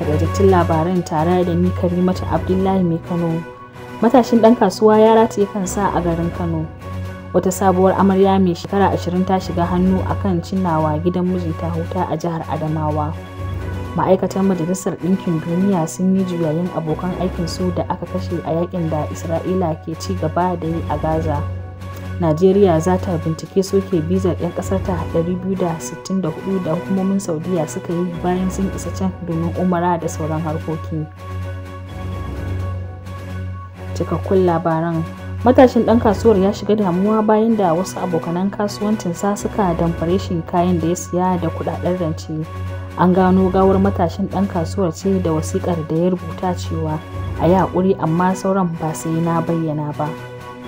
takaitattun labaran tare da ni Karimatu Abdullahi mai Kano. Matashin ɗan kasuwa ya rataye kansa a garin Kano. Wata sabuwar amarya mai shekara ashirin ta shiga hannu a kan cinnawa gidan mijinta huta a jihar Adamawa. Ma'aikatan Majalisar Ɗinkin Duniya sun yi juyayin abokan aikinsu da aka kashe a yakin da Isra'ila ke ci gaba da yi a Gaza. Najeriya za ta bincike soke bizar 'yan ƙasar ta 264 da hukumomin Saudiya suka yi bayan sun isa can domin umara da sauran harkoki. Cikakkun labaran matashin ɗan kasuwar ya shiga damuwa bayan da wasu abokanan sa suka damfare shi kayan da ya siya da kuɗaɗen rance. An gano gawar matashin ɗan kasuwar ce da wasikar da ya rubuta cewa a yi haƙuri amma sauran ba sai na bayyana ba.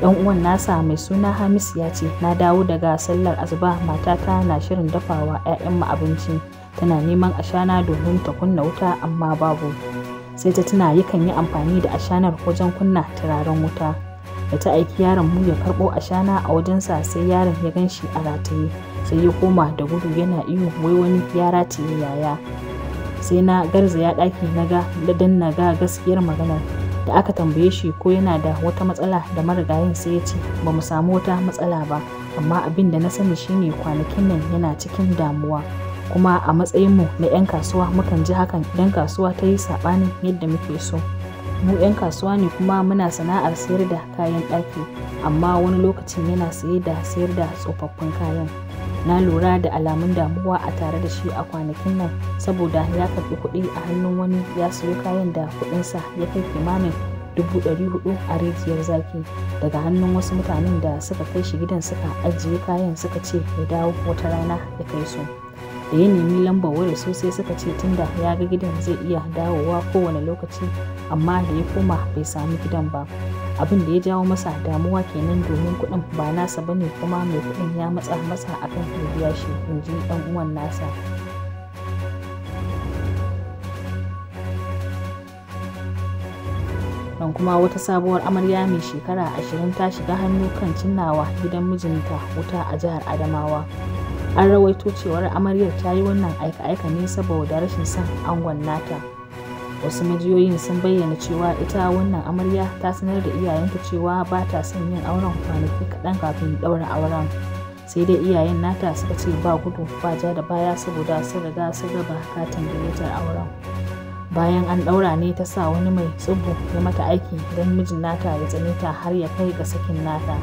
dan uwan nasa mai suna hamis ya ce na dawo daga sallar asuba matata na shirin dafawa 'ya'yanmu abinci tana neman ashana domin ta kunna wuta amma babu sai ta tuna yakan yi amfani da ashanar wajen kunna turaren wuta da ta aiki yaron mu ya karɓo ashana a wajensa sai yaron ya gan shi a rataye sai ya koma da gudu yana iyo wai wani ya rataye yaya sai na garzaya ɗaki na ga na ga gaskiyar maganar da aka tambaye shi ko yana da wata matsala da marigayin sai ya ce ba mu samu wata matsala ba amma abin da na sani shine kwanakin nan yana cikin damuwa kuma a matsayinmu na 'yan kasuwa mukan ji hakan idan kasuwa ta yi saɓanin yadda muke so mu 'yan kasuwa ne kuma muna sana'ar sayar da kayan ɗaki amma wani lokacin yana saye da sayar da tsofaffin kayan na lura da alamun damuwa a tare da shi a kwanakin nan saboda ya karbi kuɗi a hannun wani ya siyo kayan da kuɗinsa ya kai kimanin dubu ɗari hudu a rijiyar zaki daga hannun wasu mutanen da suka kai shi gidan suka ajiye kayan suka ce ya dawo wata rana ya kai su da ya nemi lambar waya sosai suka ce tunda ya ga gidan zai iya dawowa kowane lokaci amma da ya koma bai sami gidan ba abin da ya jawo masa damuwa kenan domin kuɗin ba nasa bane kuma mai kudin ya matsa masa akan ya biya shi in ji ɗan uwan nasa dan kuma wata sabuwar amarya mai shekara ashirin ta shiga hannu kan cinnawa gidan mijinta wuta a jihar adamawa an rawaito cewar amaryar ta yi wannan aika-aika ne saboda rashin son angon nata wasu majiyoyin sun bayyana cewa ita wannan amarya ta sanar da iyayenta cewa ba ta son yin auren kwanaki kaɗan kafin ɗaura auren sai dai iyayen nata suka ce ba gudu ba ja da baya saboda sun riga sun raba katin gayyatar auren bayan an ɗaura ne ta sa wani mai tsubu ya mata aiki don mijin nata ya tsane ta har ya kai ga sakin nata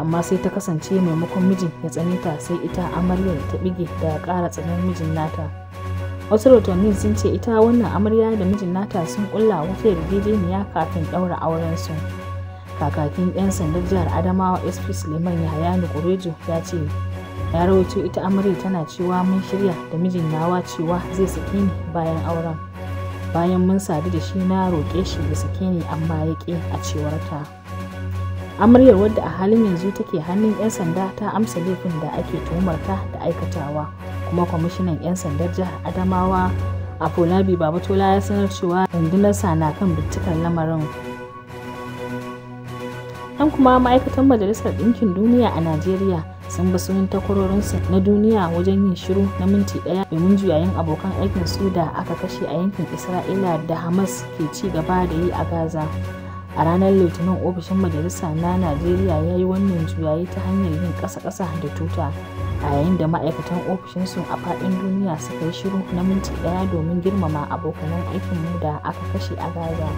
amma sai ta kasance maimakon mijin ya tsane ta sai ita amaryar ta bige da ƙara tsanar mijin nata wasu rahotannin sun ce ita wannan amarya da mijin nata sun kulla wata yarjejeniya kafin daura auren su kakakin 'yan sandar jihar adamawa sp suleiman ni nukurejo ya ce ya rawaito ita amarya tana cewa mun shirya da mijin nawa cewa zai saki ni bayan auren bayan mun sadu da shi na roƙe shi ya saki ni amma ya ƙi a cewar ta amaryar wadda a halin yanzu take hannun 'yan sanda ta amsa laifin da ake tuhumar da aikatawa kuma kwamishinan 'yan sandar jihar adamawa a afolabi babatola ya sanar cewa sa na kan binciken lamarin yan kuma ma'aikatan majalisar ɗinkin duniya a najeriya sun bi takwarorin takwarorinsu na duniya wajen yin shiru na minti ɗaya domin juyayin abokan aikin su da aka kashe a yankin isra'ila da hamas ke ci gaba da yi a gaza A ranar Litinin, Ofishin Majalisa na Najeriya ya yi wannan juyayi ta hanyar yin ƙasa-ƙasa da tuta, a yayin da ma'aikatan ofishinsu a faɗin duniya suka yi shiru na minti ɗaya domin girmama abokanan aikinmu da aka kashe a Gaza.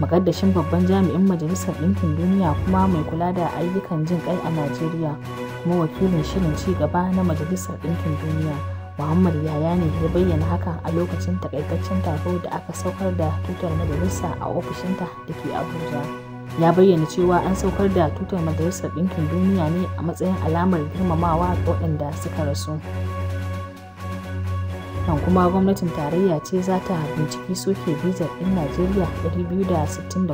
makaddashin Babban Jami'in Majalisar Ɗinkin Duniya kuma mai kula da ayyukan jin kai a Najeriya, kuma wakilin Shirin Ci Gaba na Majalisar Ɗinkin Duniya. muhammad yaya ne ya bayyana hakan a lokacin takaitaccen taro da aka saukar da tutar majalisa a ofishinta da ke abuja ya bayyana cewa an saukar da tutar majalisar ɗinkin duniya ne a matsayin alamar girmamawa ga waɗanda suka rasu kan kuma gwamnatin tarayya ce za ta binciki soke bizar ɗin najeriya 264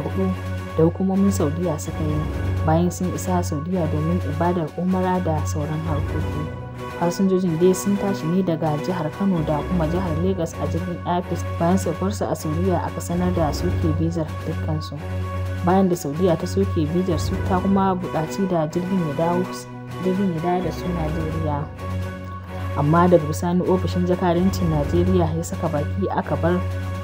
da hukumomin saudiya suka yi bayan sun isa saudiya domin ibadar umara da sauran harkoki fasinjojin dai sun tashi ne daga jihar kano da kuma jihar lagos a jirgin apis bayan saukarsu a saudiya aka sanar da suke bizar dukkansu bayan da saudiya ta soke bizar su ta kuma buɗaci da jirgin ya dawo jirgin ya dawo da su najeriya amma daga bisani ofishin jakadancin najeriya ya saka baki aka bar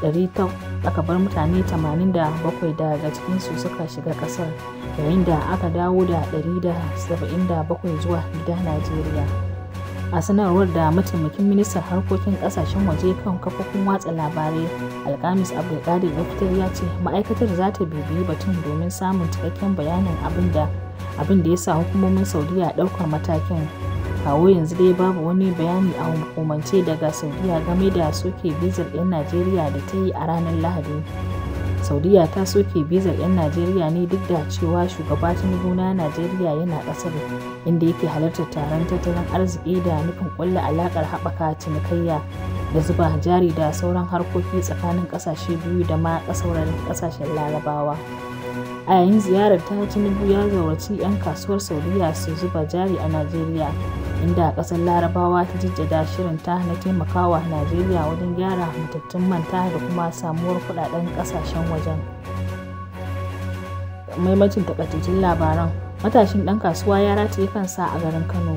aka bar mutane 87 daga cikinsu suka shiga kasar yayin da aka dawo da 177 zuwa gida najeriya a sanarwar da mataimakin ministan harkokin kasashen waje kan kafofin watsa labarai alkamis abdulkadir ya fitar ya ce ma'aikatar za ta bibiyi batun domin samun cikakken bayanin abin da ya sa hukumomin saudiya ɗaukar matakin kawo yanzu dai babu wani bayani a hukumance daga saudiya game da soke bizar 'yan najeriya da ta yi a ranar lahadi saudiya ta soke bizar 'yan najeriya ne duk da cewa shugaba tinubu na najeriya yana kasar inda yake halartar taron tattalin arziki da nufin ƙulla alaƙar haɓaka cinikayya da zuba jari da sauran harkoki tsakanin ƙasashe biyu da ma ƙasashen larabawa a yayin ziyarar ta tinubu ya zauraci 'yan kasuwar saudiya su zuba jari a najeriya inda kasar larabawa ta jaddada ta na taimakawa najeriya wajen gyara matattun manta da kuma samuwar kudaden kasashen wajen maimacin takaitattun labaran matashin dan kasuwa ya rataye kansa a garin kano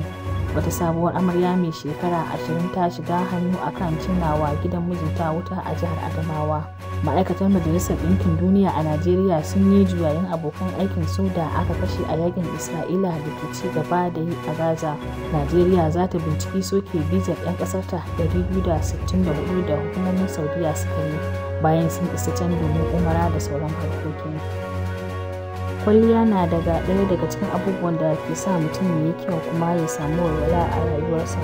wata sabuwar amarya mai shekara ashirin ta shiga hannu a kan cinawa gidan mijinta wuta a jihar adamawa ma'aikatan majalisar ɗinkin duniya a najeriya sun yi juyayin abokan aikin su da aka kashe a yakin isra'ila da ke ci gaba da yi a gaza najeriya za ta binciki soke bizar 'yan ƙasarta hudu da hukumomin saudiya suka yi bayan sun isa can domin umara da sauran harkokin Kwalliya na daga ɗaya daga cikin abubuwan da ke sa mutum ya yi kyau kuma ya samu walwala a rayuwarsa.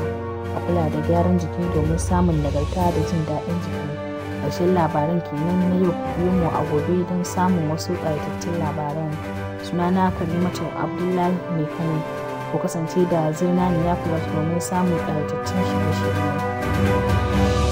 A kula da gyaran jiki domin samun nagarta da jin daɗin jiki. Ƙarshen labaran kenan na yau, ku biyo mu a gobe don samun wasu ƙayatattun labaran. na suna Sunana Karimatu Abdullahi Mai Kano. Ku kasance da Zirnaniya Plus domin samun ƙayatattun shirye-shirye.